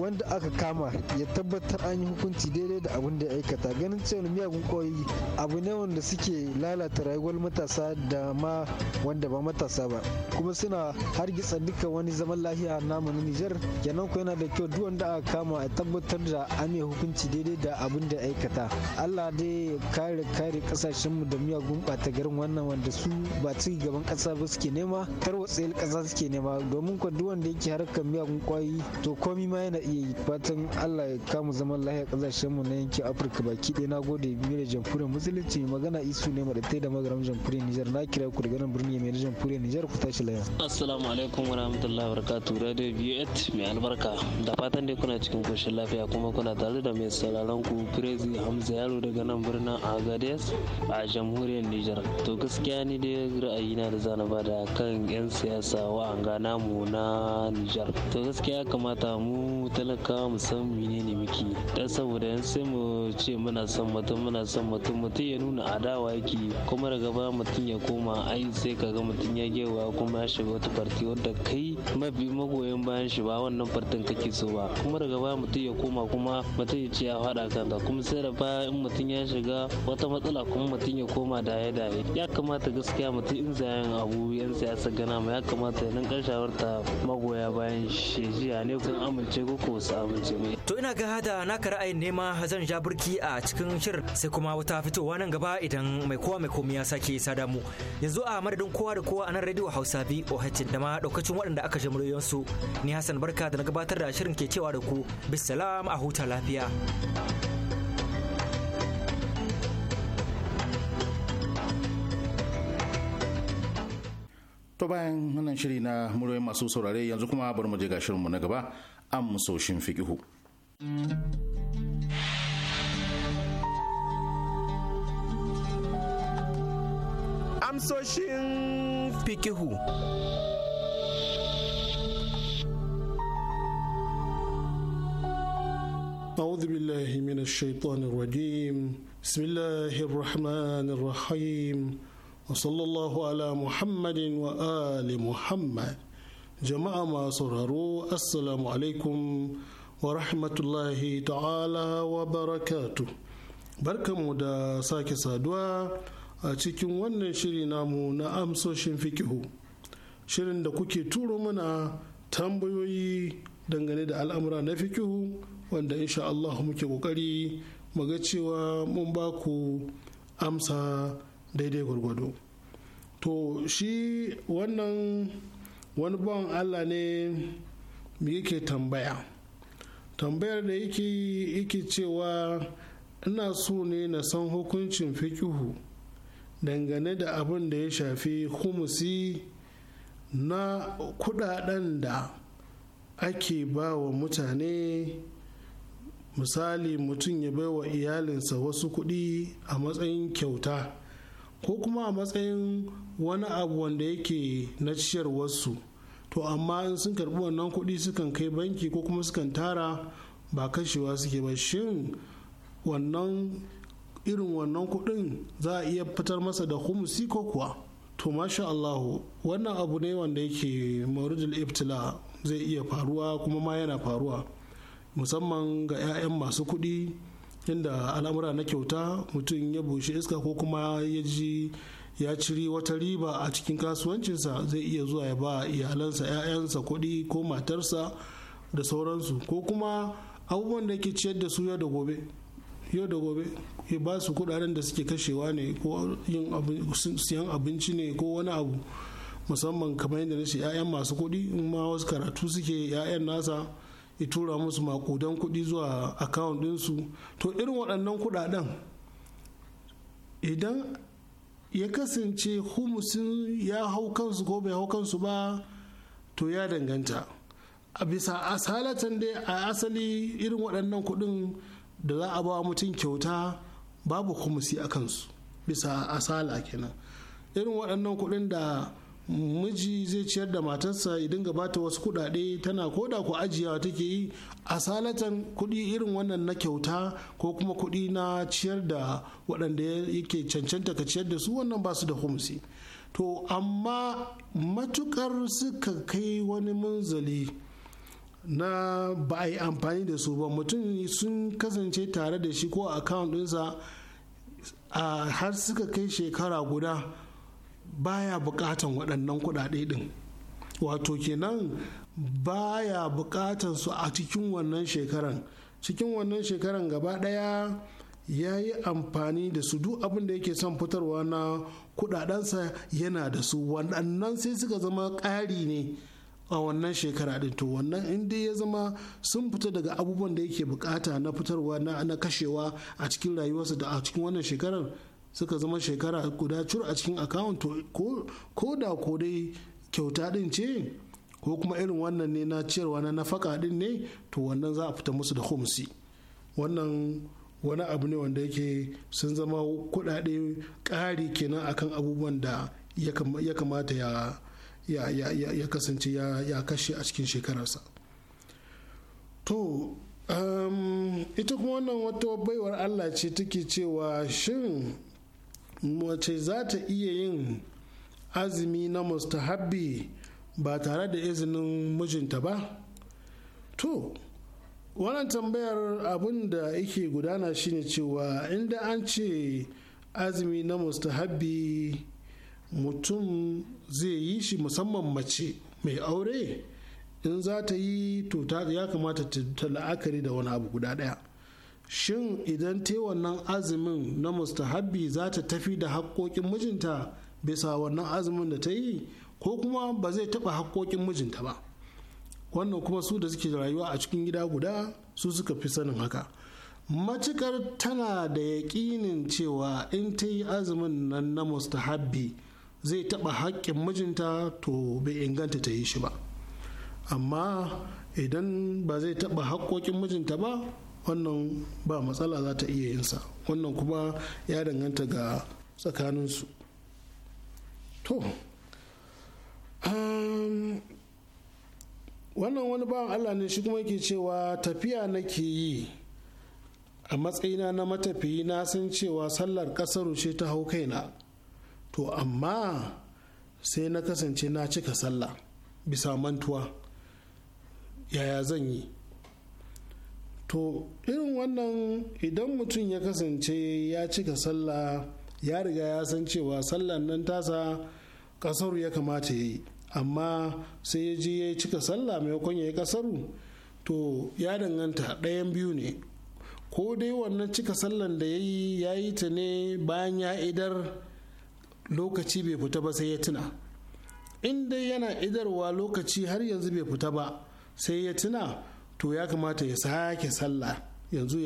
wanda aka kama ya tabbatar an yi hukunci daidai da abin da ya aikata ganin cewa miyagun kwayoyi abu ne wanda suke lalata rayuwar matasa da ma wanda ba matasa ba kuma suna hargitsa duka wani zaman lahiya namu na Nijar kenan ku yana da kyau duk wanda aka kama a tabbatar da an yi hukunci daidai da abin da ya aikata Allah dai kare kare kasashen mu da miyagun ba garin wannan wanda su ba ci gaban kasa ba suke nema tarwatsayar kasa suke nema domin kwa duk wanda yake harkar miyagun kwayoyi to komi ma yana iya yi fatan Allah ya kamu zaman lahiya kasashen mu na yankin Afirka baki ɗaya na gode biyu da musulunci magana isu ne yi da magaram jamhuriyar Nijar na kira ku daga nan birni mai jamhuriyar Nijar ku tashi lafiya. Assalamu alaikum wa rahmatullahi wa barakatuh radio et mai albarka da fatan dai kuna cikin koshin lafiya kuma kuna tare da mai sauraron ku Crazy Hamza Yaro daga nan birnin Agadez a jamhuriyar Nijar. Nijar. To gaskiya ni dai ra'ayina da zana da kan 'yan siyasa wa'anga namu na Nijar. To gaskiya kamata mu talakawa mu san menene muke. Dan saboda yan sai mu ce muna son mutum muna son mutum mutum ya nuna adawa yake kuma daga ba mutum ya koma ai sai kaga mutum ya gewa kuma ya shiga wata farti wanda kai mabi magoyan bayan shi ba wannan fartin kake so ba kuma daga ba mutum ya koma kuma mutum ya ce ya faɗa kanta kuma sai da ba in mutum ya shiga wata matsala kuma mutum ya koma da ya gadaye ya kamata gaskiya mutum in zayen abu yan siyasa gana ma ya kamata nan shawarta magoya bayan shejiya ne kun amince ko ko su amince mai to ina ga hada na ka ra'ayin nema zan ja burki a cikin shirin sai kuma wata fitowa nan gaba idan mai kowa mai komai ya sake sada mu yanzu a madadin kowa da kowa a nan radio hausa bi ohacin da ma daukacin waɗanda aka ji su ni hassan barka da na gabatar da shirin ke cewa da ku bisalam a huta lafiya to bayan wannan shiri na muryoyin masu saurare yanzu kuma bari mu je ga shirinmu na gaba an musoshin fikihu amsoshin fikihu أعوذ بالله من الشيطان الرجيم بسم الله الرحمن الرحيم وصلى الله على محمد وآل محمد جماعة ما صرروا السلام wa ورحمة الله تعالى وبركاته Barkamu da sake saduwa a cikin wannan shiri namu na amsoshin fikihu shirin da kuke turo mana tambayoyi dangane da al'amura na fikihu wanda insha Allah muke kokari muga cewa mun ba ku amsa daidai gwargwado to shi wannan wani bawan allah ne yake tambaya tambayar da yake cewa ina so ne na san hukuncin fikihu dangane da abin da ya shafi humusi na kudaden da ake ba wa mutane misali mutum ya bai wa iyalinsa wasu kuɗi a matsayin kyauta ko kuma a matsayin wani abu wanda yake na ciyar wasu to amma in sun karbi wannan kuɗi sukan kai banki ko kuma sukan tara ba kashewa suke ba shin wannan irin wannan kuɗin za a iya fitar masa da humusi ko kuwa to masha Allahu wannan abu ne wanda yake maurudul Iftila zai iya faruwa kuma ma yana faruwa musamman ga 'ya'yan masu kuɗi inda al'amura na kyauta mutum ya bushe iska ko kuma ya ji ya ciri wata riba a cikin kasuwancinsa zai iya zuwa ya ba iyalansa 'ya'yansa kuɗi ko matarsa da sauransu ko kuma abubuwan da ke ciyar da su yau da gobe yau da gobe ya ba su kudaden da suke kashewa ne ko yin siyan abinci ne ko wani abu musamman kamar yadda na ce 'ya'yan masu kuɗi in ma wasu karatu suke 'ya'yan nasa ya tura musu makudan kuɗi zuwa akawun ɗinsu to irin waɗannan kuɗaɗen idan ya kasance humusin ya hau kansu ko bai hau kansu ba to ya danganta a bisa asalatan dai a asali irin waɗannan kuɗin da za a ba mutum kyauta babu humusi a kansu bisa asala kenan irin waɗannan kuɗin da miji zai ciyar da matarsa idan gabata wasu kudade tana koda ku ajiyawa take yi asalatan kudi irin wannan na kyauta ko kuma kudi na ciyar da waɗanda yake cancanta ka ciyar da su wannan ba su da humsi to amma matukar suka kai wani munzali na ba a yi amfani da su ba mutum sun kasance tare da shi ko a ɗinsa har suka kai shekara guda baya bukatan waɗannan kuɗaɗe ɗin wato kenan baya bukatan su a cikin wannan shekaran cikin wannan shekaran gaba ɗaya ya yi amfani da su duk abin da yake son fitarwa na kuɗaɗensa yana da su waɗannan sai suka zama ƙari ne a wannan shekara ɗin to wannan inda ya zama sun fita daga abubuwan da yake bukata na fitarwa na kashewa a cikin rayuwarsa da a cikin wannan shekarar suka zama shekara guda cur a cikin akawun ko da ko dai kyauta din ce ko kuma irin wannan ne na ciyarwa na nafaka din ne to wannan za a fita musu da homsi wannan wani abu ne wanda yake sun zama kuɗaɗe ƙari kenan akan abubuwan da ya kamata ya kasance ya kashe a cikin shekararsa to um, ita kuma wannan wata baiwar allah ce take cewa shin mace za ta iya yin azumi na mustahabbi ba tare da izinin mijinta ba to wannan tambayar abin da yake gudana shine cewa inda an ce azumi na mustahabbi mutum zai yi shi musamman mace mai aure in za ta yi to ya kamata ta la'akari da wani abu guda daya shin idan ta wannan azumin na mustahabbi za ta tafi da haƙoƙin mijinta bisa wannan azumin da ta yi ko kuma ba zai taɓa haƙoƙin mijinta ba wannan kuma su da suke rayuwa a cikin gida guda su suka fi sanin haka matukar tana da yaƙinin cewa in ta yi azumin nan na mustahabbi zai taɓa haƙƙin mijinta to bai inganta ta yi shi ba amma idan ba zai taɓa haƙƙoƙin mijinta ba wannan ba matsala za ta iya yinsa wannan kuma ya danganta ga tsakaninsu to um, wannan wani bawan allah ne shi kuma yake cewa tafiya nake yi a matsayina na matafiyi na san cewa sallar kasar rushe ta hau kaina to amma sai na kasance na cika sallah bisa mantuwa yaya zan yi to irin wannan idan mutum ya kasance ya cika sallah ya riga ya san cewa sallan nan tasa kasaru ya kamata ya yi amma sai ya je ya cika sallah maimakon ya yi kasaru to ya danganta ɗayan biyu ne ko dai wannan cika sallan da ya yi ya yi ta ne bayan ya idar lokaci bai fita ba sai ya tuna in dai yana idarwa lokaci har yanzu bai fita ba sai ya tuna to ya kamata ya sake sallah yanzu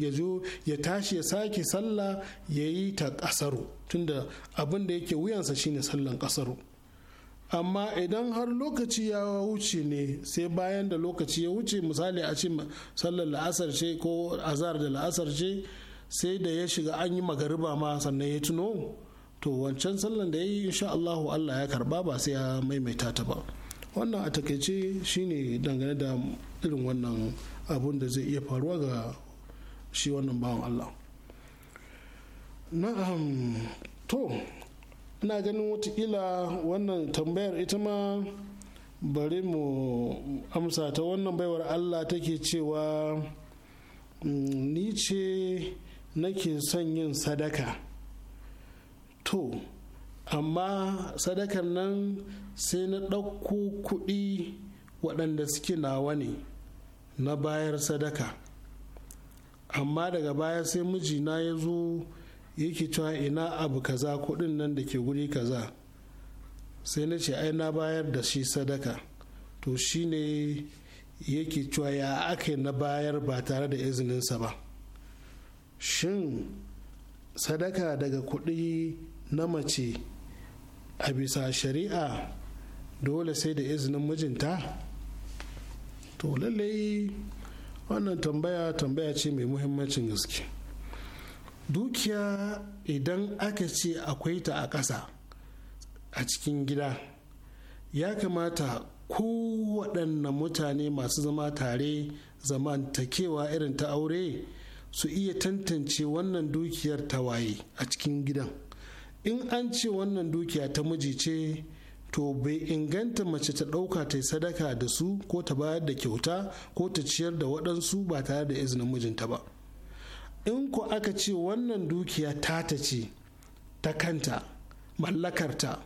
ya zo ya tashi ya sake sallah ya yi ta kasaru tunda abin da yake wuyansa shine sallan kasaru amma idan har lokaci ya wuce ne sai bayan da lokaci ya wuce misali a ce sallar la'asar ce ko azar da la'asar ce sai da ya shiga an yi magariba ma sannan ya tuno to wancan sallan da ya yi insha Allahu Allah ya karba ba sai ya maimaita ta ba wannan a takaice shine dangane da irin wannan abun da zai iya faruwa ga shi wannan bawan Allah na'am to ina ganin watakila wannan tambayar ita ma bari mu amsa ta wannan baiwar Allah take cewa mm, ni ce nake son yin sadaka to amma sadakan nan sai na ɗauko kuɗi waɗanda suke nawa ne na bayar sadaka amma daga baya sai mijina ya zo yake cewa ina abu kaza kudin nan da ke guri kaza sai na ce ai na bayar da shi sadaka to shine yake cewa ya aka na bayar ba tare da izininsa ba shin sadaka daga kudi na mace a bisa shari'a dole sai da izinin mijinta to lallai wannan tambaya tambaya ce mai muhimmancin gaske dukiya idan aka ce akwai ta a ƙasa a cikin gida ya kamata kowaɗanne mutane masu zama tare zamantakewa irin ta aure su iya tantance wannan dukiyar tawaye a cikin gidan in an ce wannan dukiya ta miji ce to bai inganta mace ta ɗauka ta sadaka da su ko ta bayar da kyauta ko ta ciyar da waɗansu ba tare da izinin mijinta ba in ku aka ce wannan dukiya ta ce ta kanta mallakarta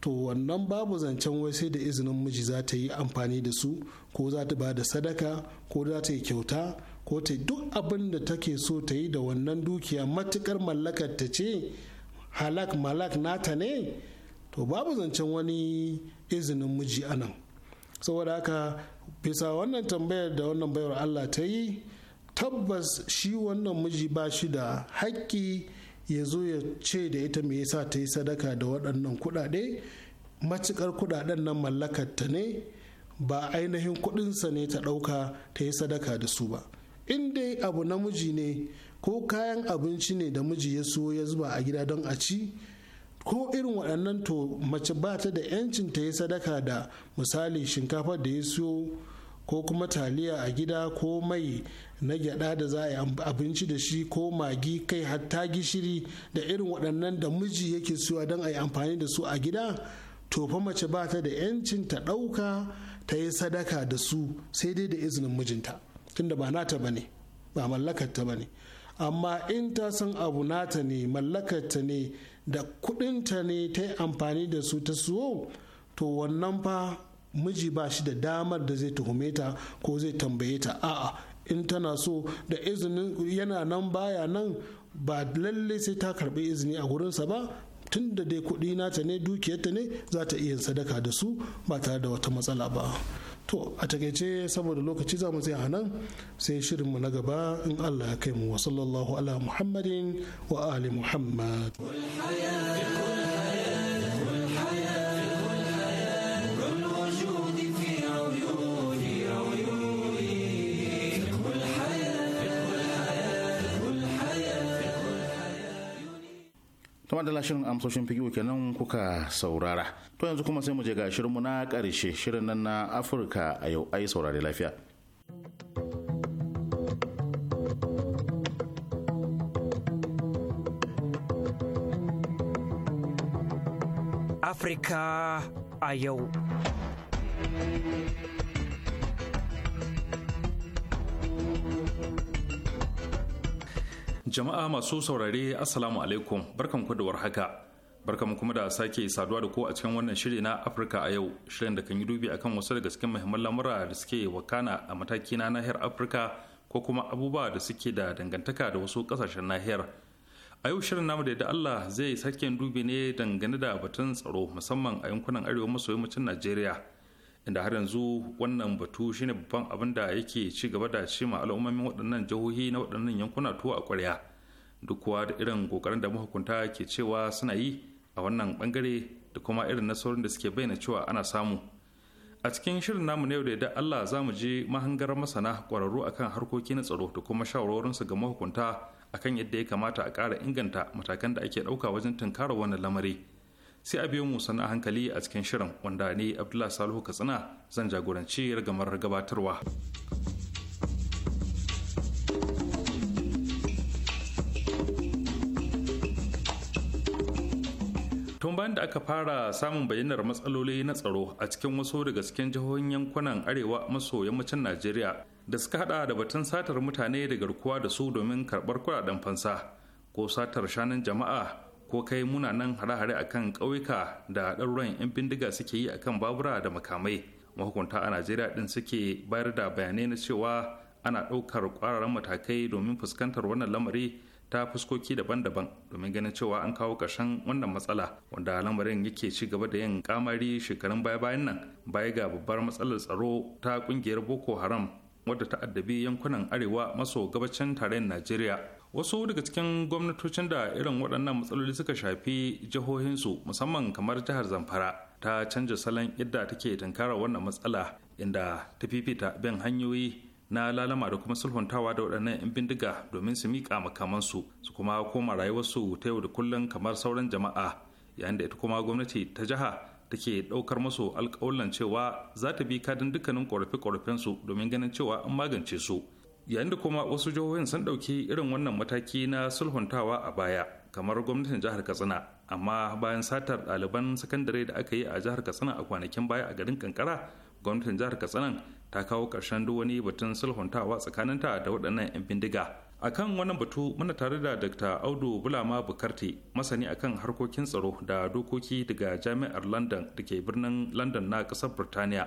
to wannan babu zancen wai sai da izinin miji za ta yi amfani da su ko za ta ba da sadaka ko za ta yi kyauta ko ta yi duk abin da take so ta yi da wannan dukiya matukar mallakar ta ce halak malak nata ne to babu zancen wani izinin miji anan saboda haka bisa wannan tambayar da wannan baiwar allah ta yi tabbas shi wannan miji ba shi da haƙƙi ya zo ya ce da ita me yasa ta yi sadaka da waɗannan kuɗaɗe macikar kuɗaɗen nan mallakarta ne ba ainihin kuɗinsa ne ta ɗauka ta yi sadaka da su ba in dai abu namiji ne ko kayan abinci ne da miji ya so ya zuba a gida don a ci ko irin waɗannan to mace ba ta da 'yancin ta yi sadaka da misali shinkafa da ya siyo ko kuma taliya a gida ko mai na gyada da za a yi abinci da shi ko magi kai hatta gishiri da irin waɗannan da miji yake siyowa don a yi amfani da su a gida to fa mace ba ta da 'yancin ta ɗauka ta yi sadaka da su sai dai da izinin mijinta tunda ba nata ba ne ba mallakarta ba ne amma in ta san abu nata ne mallakarta ne da kudinta ne ta yi amfani da su ta siyo to wannan fa miji ba shi da damar da zai tuhume ta ko zai tambaye ta a'a in tana so da izinin yana nan baya nan ba lalle sai ta karbi izini a gurinsa ba tun da dai kuɗi nata ne dukiyarta ne za ta iya sadaka da su ba tare da wata matsala ba to a takaice saboda lokaci za mu tsaya nan sai shirinmu na gaba in Allah ya kai mu wa sallallahu ala muhammadin wa ali muhammad to da shirin amsoshin fiƙi kenan kuka saurara to yanzu kuma sai mu je ga shirinmu na ƙarshe shirin nan na afirka a yau ai saurari lafiya Afirka a yau. Jama'a masu saurare Assalamu alaikum ku da warhaka. Barkanku kuma da sake saduwa da ku a cikin wannan shiri na Afirka a yau, shirin da kan yi dubi akan wasu daga cikin muhimman lamura da suke wakana a mataki na nahiyar Afirka ko kuma abubuwa da suke da dangantaka da wasu kasashen nahiyar. A yau shirin namu da Allah zai sake dubi ne dangane da batun tsaro musamman a yankunan arewa maso yammacin Najeriya. inda har yanzu wannan batu shine babban abin da yake ci gaba da ma al'ummomin waɗannan jihohi na waɗannan yankuna tuwo a ƙwarya duk kuwa da irin ƙoƙarin da mahukunta ke cewa suna yi a wannan ɓangare da kuma irin nasarorin da suke bayyana cewa ana samu a cikin shirin namu na yau da Allah za mu je mahangar masana ƙwararru akan harkoki na tsaro da kuma su ga mahukunta akan yadda ya kamata a ƙara inganta matakan da ake ɗauka wajen tunkarar wannan lamari sai a biyo mu sana hankali a cikin shirin wanda ni abdullahi salihu katsina zan jagoranci ragamar gabatarwa tun bayan da aka fara samun bayyanar matsaloli na tsaro a cikin wasu daga cikin jihohin yankunan arewa maso yammacin najeriya da suka hada da batun satar mutane da garkuwa da su domin karbar kudaden fansa ko satar shanun jama'a ko kai muna munanan hare-hare kan ƙauyuka da ɗaruran 'yan bindiga suke yi a kan babura da makamai mahukunta a najeriya ɗin suke bayar da bayanai na cewa ana ɗaukar ƙwararren matakai domin fuskantar wannan lamari ta fuskoki daban-daban domin ganin cewa an kawo ƙarshen wannan matsala wanda lamarin yake ci gaba da yin kamari shekarun baya-bayan nan baya ga babbar matsalar tsaro ta ƙungiyar boko haram wadda ta addabi yankunan arewa maso gabacin tarayyar najeriya wasu daga cikin gwamnatocin da irin waɗannan matsaloli suka shafi jihohinsu musamman kamar jihar zamfara ta canja salon yadda take tunkarar wannan matsala inda ta fifita bin hanyoyi na lalama da kuma sulhuntawa da waɗannan 'yan bindiga domin su miƙa makamansu su kuma koma rayuwarsu ta yau da kullum kamar sauran jama'a yayin da ita kuma gwamnati ta jiha take ɗaukar musu alƙawallan cewa za ta bi kadin dukkanin ƙorafe-ƙorafensu domin ganin cewa an magance su yayin da kuma wasu jihohin sun ɗauki irin wannan mataki na sulhuntawa a baya kamar gwamnatin jihar katsina amma bayan satar ɗaliban sakandare da aka yi a jihar katsina a kwanakin baya a garin kankara gwamnatin jihar katsina ta kawo ƙarshen duk wani batun sulhuntawa tsakaninta da waɗannan 'yan bindiga a kan wannan batu muna tare da dr audu bulama bukarti masani akan harkokin tsaro da dokoki daga jami'ar london da ke birnin london na ƙasar burtaniya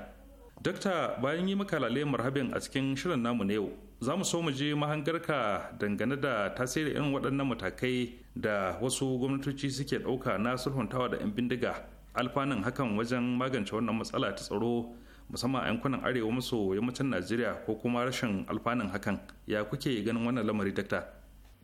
dokta bayan yi maka lalai marhabin a cikin shirin namu na yau za mu so mu je mahangarka dangane da tasiri irin waɗannan matakai da wasu gwamnatoci suke ɗauka na sulhuntawa da 'yan bindiga alfanun hakan wajen magance wannan matsala ta tsaro musamman a yankunan arewa maso yammacin najeriya ko kuma rashin alfanun hakan ya kuke ganin wannan lamari dakta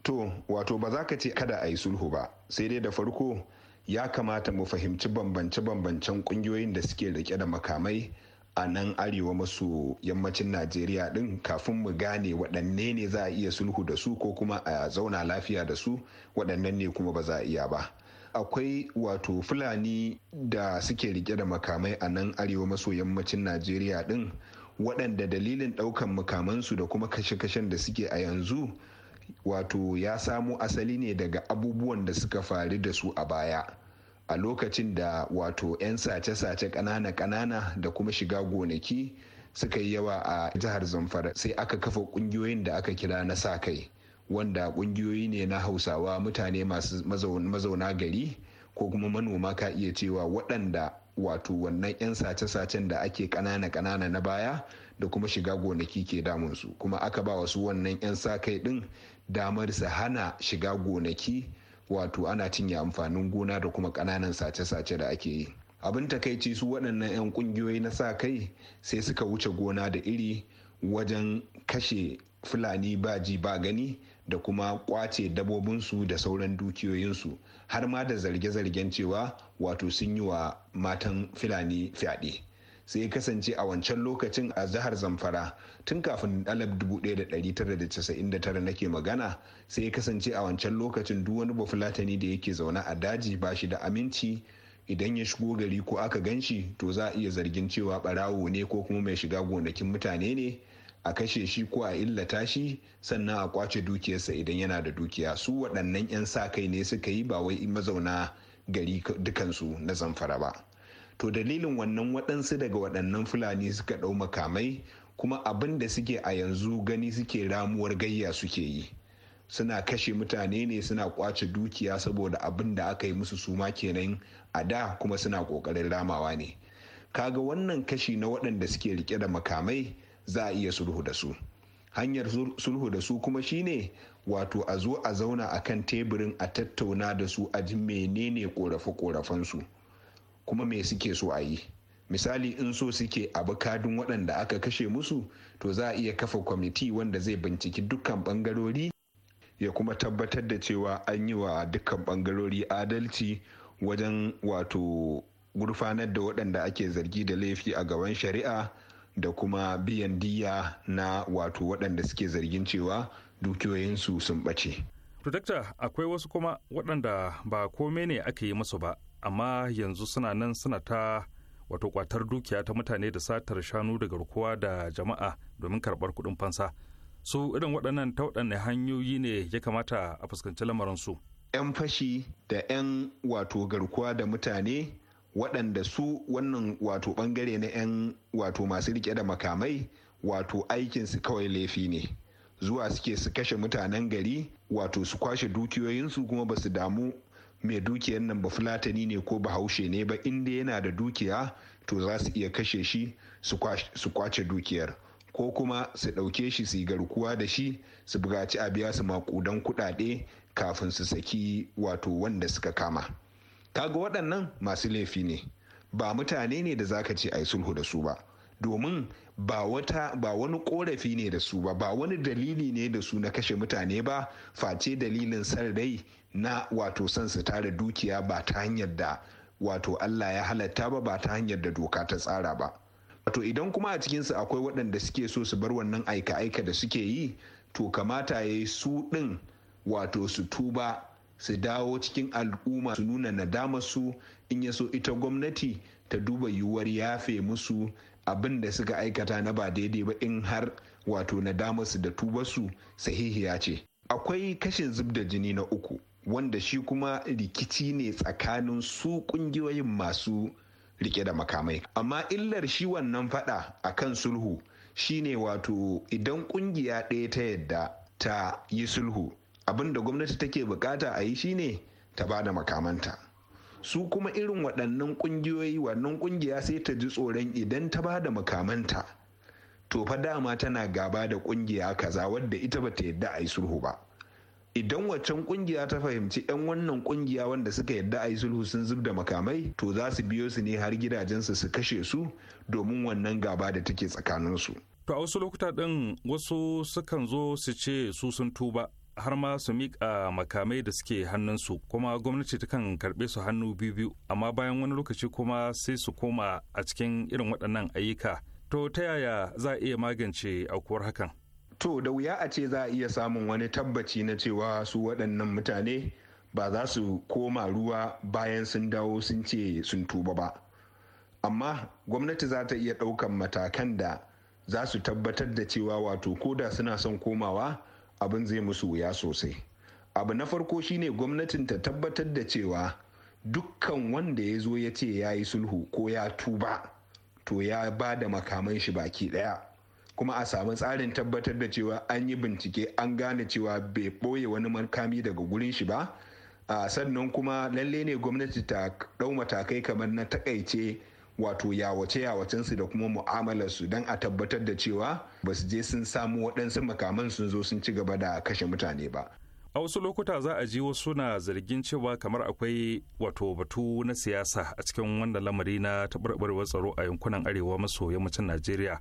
to wato ba za ka ce kada a yi sulhu ba sai dai da farko ya kamata mu fahimci bambance-bambancen ƙungiyoyin da suke rike da makamai a nan arewa maso yammacin najeriya din kafin mu gane waɗanne ne za a iya sulhu da su ko kuma a zauna lafiya da su waɗannan ne kuma ba za a iya ba akwai wato fulani da suke rike da makamai a nan arewa maso yammacin najeriya din waɗanda dalilin ɗaukan makamansu da kuma kashe-kashen da suke a yanzu wato ya samo asali ne daga abubuwan da suka faru da su a baya a lokacin da wato 'yan sace-sace ƙanana-ƙanana da kuma shiga gonaki suka yi yawa a jihar zamfara sai aka kafa ƙungiyoyin da aka kira na sa kai wanda ƙungiyoyi ne na hausawa mutane masu mazauna gari ko kuma manoma ka iya cewa waɗanda wato wannan 'yan sace-sacen da ake ƙanana-ƙanana na baya da kuma shiga gonaki ke damunsu kuma aka ba wasu wannan 'yan sa kai ɗin damar su hana shiga gonaki wato ana cinye amfanin gona da kuma ƙananan sace-sace da ake yi abin takaici su waɗannan 'yan ƙungiyoyi na sa kai sai suka wuce gona da iri wajen kashe fulani ji ba gani da kuma kwace dabobinsu da sauran dukiyoyinsu har ma da zarge-zargen cewa wato sun yi wa matan fulani fyaɗe sai ya kasance a wancan lokacin a jihar zamfara tun kafin 1999 nake magana sai ya kasance a wancan lokacin duk wani bafulatani da yake zaune a daji ba shi da aminci idan ya shigo gari ko aka gan shi to za a iya zargin cewa barawo ne ko kuma mai shiga gonakin mutane ne a kashe shi ko a illata shi sannan a kwace dukiyarsa idan yana da dukiya su waɗannan 'yan sa kai ne suka yi ba wai mazauna gari dukansu na zamfara ba. to dalilin wannan waɗansu daga waɗannan fulani suka ɗau makamai kuma abin da suke a yanzu gani suke ramuwar gayya suke yi suna kashe mutane ne suna kwace dukiya saboda abin da aka yi musu suma kenan a da kuma suna ƙoƙarin ramawa ne kaga wannan kashi na waɗanda suke rike da makamai za a iya sulhu da su hanyar sulhu da su kuma shine wato a zo a zauna a kan teburin a tattauna da su a ji menene korafe-korafensu kuma me suke so a yi misali in so suke a kadun waɗanda aka kashe musu to za a iya kafa kwamiti wanda zai binciki dukkan bangarori? ya kuma tabbatar da cewa an yi wa dukkan bangarori adalci wajen wato gurfanar da waɗanda ake zargi da laifi a gaban shari'a da kuma biyan diya na wato waɗanda suke zargin cewa dukiyoyinsu sun bace? To dakta akwai wasu kuma waɗanda ba komai ne aka yi masu ba amma yanzu suna nan suna ta wato kwatar dukiya ta mutane da satar shanu daga rukuwa da jama'a domin karɓar kuɗin fansa su irin waɗannan ta waɗanne hanyoyi ne ya kamata a fuskanci lamarin su. 'yan fashi da 'yan wato garkuwa da mutane waɗanda su wannan wato ɓangare na 'yan wato masu rike da makamai wato aikinsu kawai laifi ne zuwa suke su kashe mutanen gari wato su kwashe dukiyoyinsu kuma ba su damu mai dukiyar nan ba fulatani ne ko bahaushe ne ba inda yana da dukiya to za su iya kashe shi su kwace dukiyar ko kuma su ɗauke shi su yi garkuwa da shi su bugaci a biya su makudan kuɗaɗe kafin su saki wato wanda suka kama kaga waɗannan masu laifi ne ba mutane ne da zaka ce a yi sulhu da su ba domin ba wata ba wani korafi ne da su ba ba wani dalili ne da su na kashe mutane ba face dalilin san rai na wato son su tara dukiya ba ta hanyar da wato Allah ya halatta ba ba ta hanyar da doka ta tsara ba wato idan kuma a cikinsu akwai waɗanda suke so su bar wannan aika-aika da suke yi to kamata ya yi su ɗin wato su tuba su dawo cikin al'umma su nuna nadama su in ya so ita gwamnati ta duba yiwuwar yafe musu abin da suka aikata na ba daidai ba in har wato na su da tubarsu sahihiya ce akwai kashin zub da jini na uku wanda shi kuma rikici ne tsakanin su kungiyoyin masu rike da makamai amma illar shi wannan fada a kan sulhu shine wato idan kungiya ɗaya ta yadda ta yi sulhu abin da gwamnati take bukata a yi shine ta ba da makamanta su kuma irin waɗannan ƙungiyoyi wannan ƙungiya sai ta ji tsoron idan ta ba da makamanta to fa dama tana gaba da ƙungiya kaza wadda ita ba ta yadda a yi sulhu ba idan waccan ƙungiya ta fahimci 'yan wannan ƙungiya wanda suka yadda a yi sulhu sun zub da makamai to za su biyo su ne har gidajensu su kashe su domin wannan gaba da take tsakaninsu to a wasu lokuta ɗin wasu sukan zo su ce su sun tuba har ma su miƙa makamai da suke hannunsu kuma gwamnati ta kan karɓe su hannu biyu biyu amma bayan wani lokaci kuma sai su koma a cikin irin waɗannan ayyuka to ta yaya za a iya magance aukuwar hakan to da wuya a ce za a iya samun wani tabbaci na cewa su waɗannan mutane ba za su koma ruwa bayan sun dawo sun ce sun tuba ba amma gwamnati za ta iya ɗaukan matakan da za su tabbatar da cewa wato ko da suna son komawa abin zai musu wuya sosai abu na farko shine gwamnatin ta tabbatar da cewa dukkan wanda ya zo ya ce ya yi sulhu ko ya tuba to ya ba da makaman shi baki daya kuma a samu tsarin tabbatar da cewa an yi bincike an gane cewa bai ɓoye wani makami daga gurin shi ba a sannan kuma lalle ne gwamnati ta ɗau matakai kamar na takaice wato yawace yawacensu da kuma mu'amalarsu don a tabbatar da cewa ba su je sun samu waɗansu makaman sun zo sun ci gaba da kashe mutane ba a wasu lokuta za a ji wasu na zargin cewa kamar akwai wato batu na siyasa a cikin wanda lamari na taɓarɓarewar tsaro a yankunan arewa maso yammacin najeriya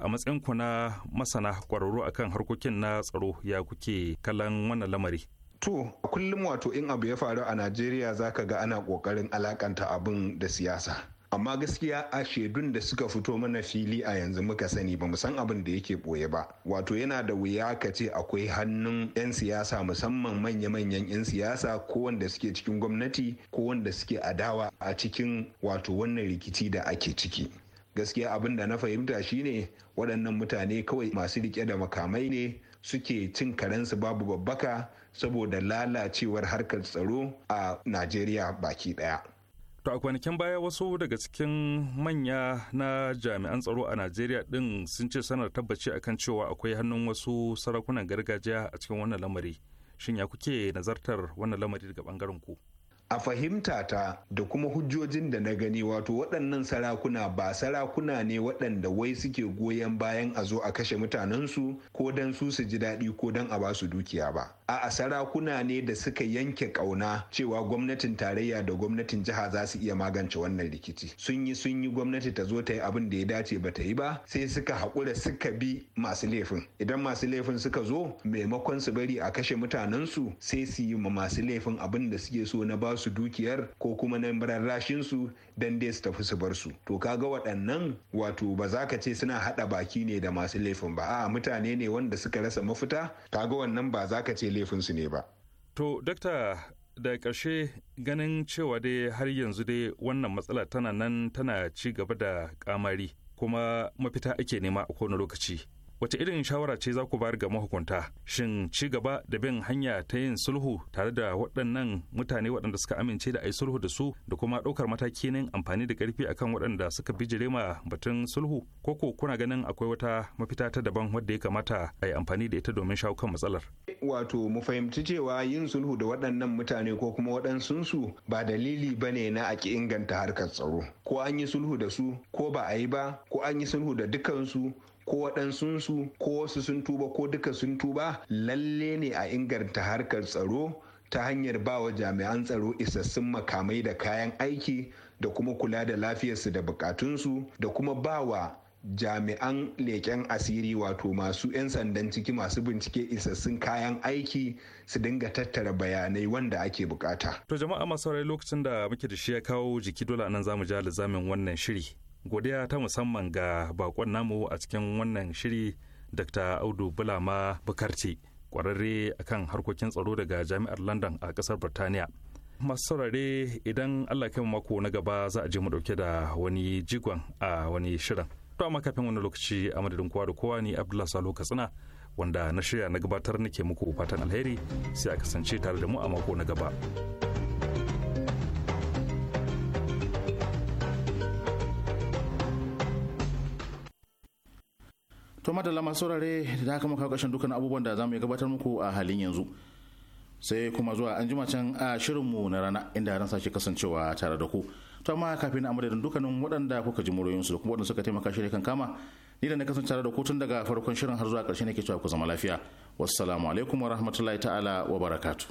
a matsayin ku na masana kwararru akan harkokin na tsaro ya kuke kallon wannan lamari to kullum wato in abu ya faru a najeriya zaka ga ana ƙoƙarin alakanta abin da siyasa amma gaskiya a shaidun da suka fito mana fili a yanzu muka sani ba san abin da yake boye ba wato yana da wuya ka ce akwai hannun 'yan siyasa musamman manya-manyan 'yan siyasa ko wanda suke cikin gwamnati ko wanda suke adawa a cikin wato wannan rikici da ake ciki gaskiya abin da na fahimta shine waɗannan mutane kawai masu rike da makamai ne suke cin karensu babu babbaka saboda lalacewar harkar tsaro a najeriya baki ɗaya. To a kwanakin baya wasu daga cikin manya na jami'an tsaro a Najeriya din sun ce sanar tabbaci akan cewa akwai hannun wasu sarakunan gargajiya a cikin wannan lamari. Shin ya kuke nazartar wannan lamari daga bangaren ku? a fahimta ta da kuma hujjojin da na gani wato waɗannan sarakuna ba sarakuna ne waɗanda wai suke goyon bayan a zo a kashe mutanensu ko don su su ji daɗi ko don a ba su dukiya ba a sarakuna ne da suka yanke ƙauna cewa gwamnatin tarayya da gwamnatin jiha za su iya magance wannan rikici sun yi sun yi gwamnati ta zo ta yi abin da ya dace ba ta yi ba sai suka haƙura suka bi masu laifin idan masu laifin suka zo maimakon su bari a kashe mutanensu sai su yi ma masu laifin abin da suke so na ba su dukiyar ko kuma na rarrashin su dan dai su tafi su bar su to kaga waɗannan wato ba za ka ce suna hada baki ne da masu laifin ba a'a mutane ne wanda suka rasa mafita kaga wannan ba za ka ce laifin su ne ba to dakta da karshe ganin cewa dai har yanzu dai wannan matsala tana nan tana ci gaba da kamari kuma mafita ake nema a kowane lokaci wace irin shawara ce za ku bayar ga mahukunta shin ci gaba da bin hanya ta yin sulhu tare da waɗannan mutane waɗanda suka amince da a yi sulhu da su da kuma ɗaukar mataki ne amfani da ƙarfi akan waɗanda suka bijire ma batun sulhu ko ko kuna ganin akwai wata mafita ta daban wadda ya kamata a yi amfani da ita domin shawo kan matsalar wato mu fahimci cewa yin sulhu da waɗannan mutane ko kuma waɗansunsu ba dalili ba ne na a ki inganta harkar tsaro ko an yi sulhu da su ko ba a yi ba ko an yi sulhu da dukansu ko waɗansunsu ko wasu sun tuba ko duka sun tuba lalle ne a inganta harkar tsaro ta hanyar bawa jami'an tsaro isassun makamai da kayan aiki da kuma kula da lafiyarsu da bukatunsu da kuma bawa jami'an leƙen asiri wato masu 'yan sandan ciki masu bincike isassun kayan aiki su dinga tattara bayanai wanda ake bukata. To jama'a masu lokacin da muke da shi ya kawo jiki dole nan zamu ja lizamin wannan shiri godiya ta musamman ga bakon namu a cikin wannan shiri dr audu bulama bukarci kwararre akan harkokin tsaro daga jami'ar london a kasar birtaniya masu saurare idan allah kai mako na gaba za a je mu dauke da wani jigon a wani shirin to amma kafin wani lokaci a madadin kowa da kowa ne abdullahi salo katsina wanda na shirya na gabatar nake muku fatan alheri sai a kasance tare da mu a mako na gaba. to madalla masu saurare da haka muka kashin dukkan abubuwan da zamu iya gabatar muku a halin yanzu sai kuma zuwa an jima can a shirinmu na rana inda ran sake kasancewa tare da ku to amma kafin a madadin dukkanin waɗanda kuka ji su da kuma waɗanda suka taimaka shirya kan kama ni da na kasance tare da ku tun daga farkon shirin har zuwa ƙarshe nake cewa ku zama lafiya wassalamu alaikum wa rahmatullahi ta'ala wa barakatu.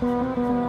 thank you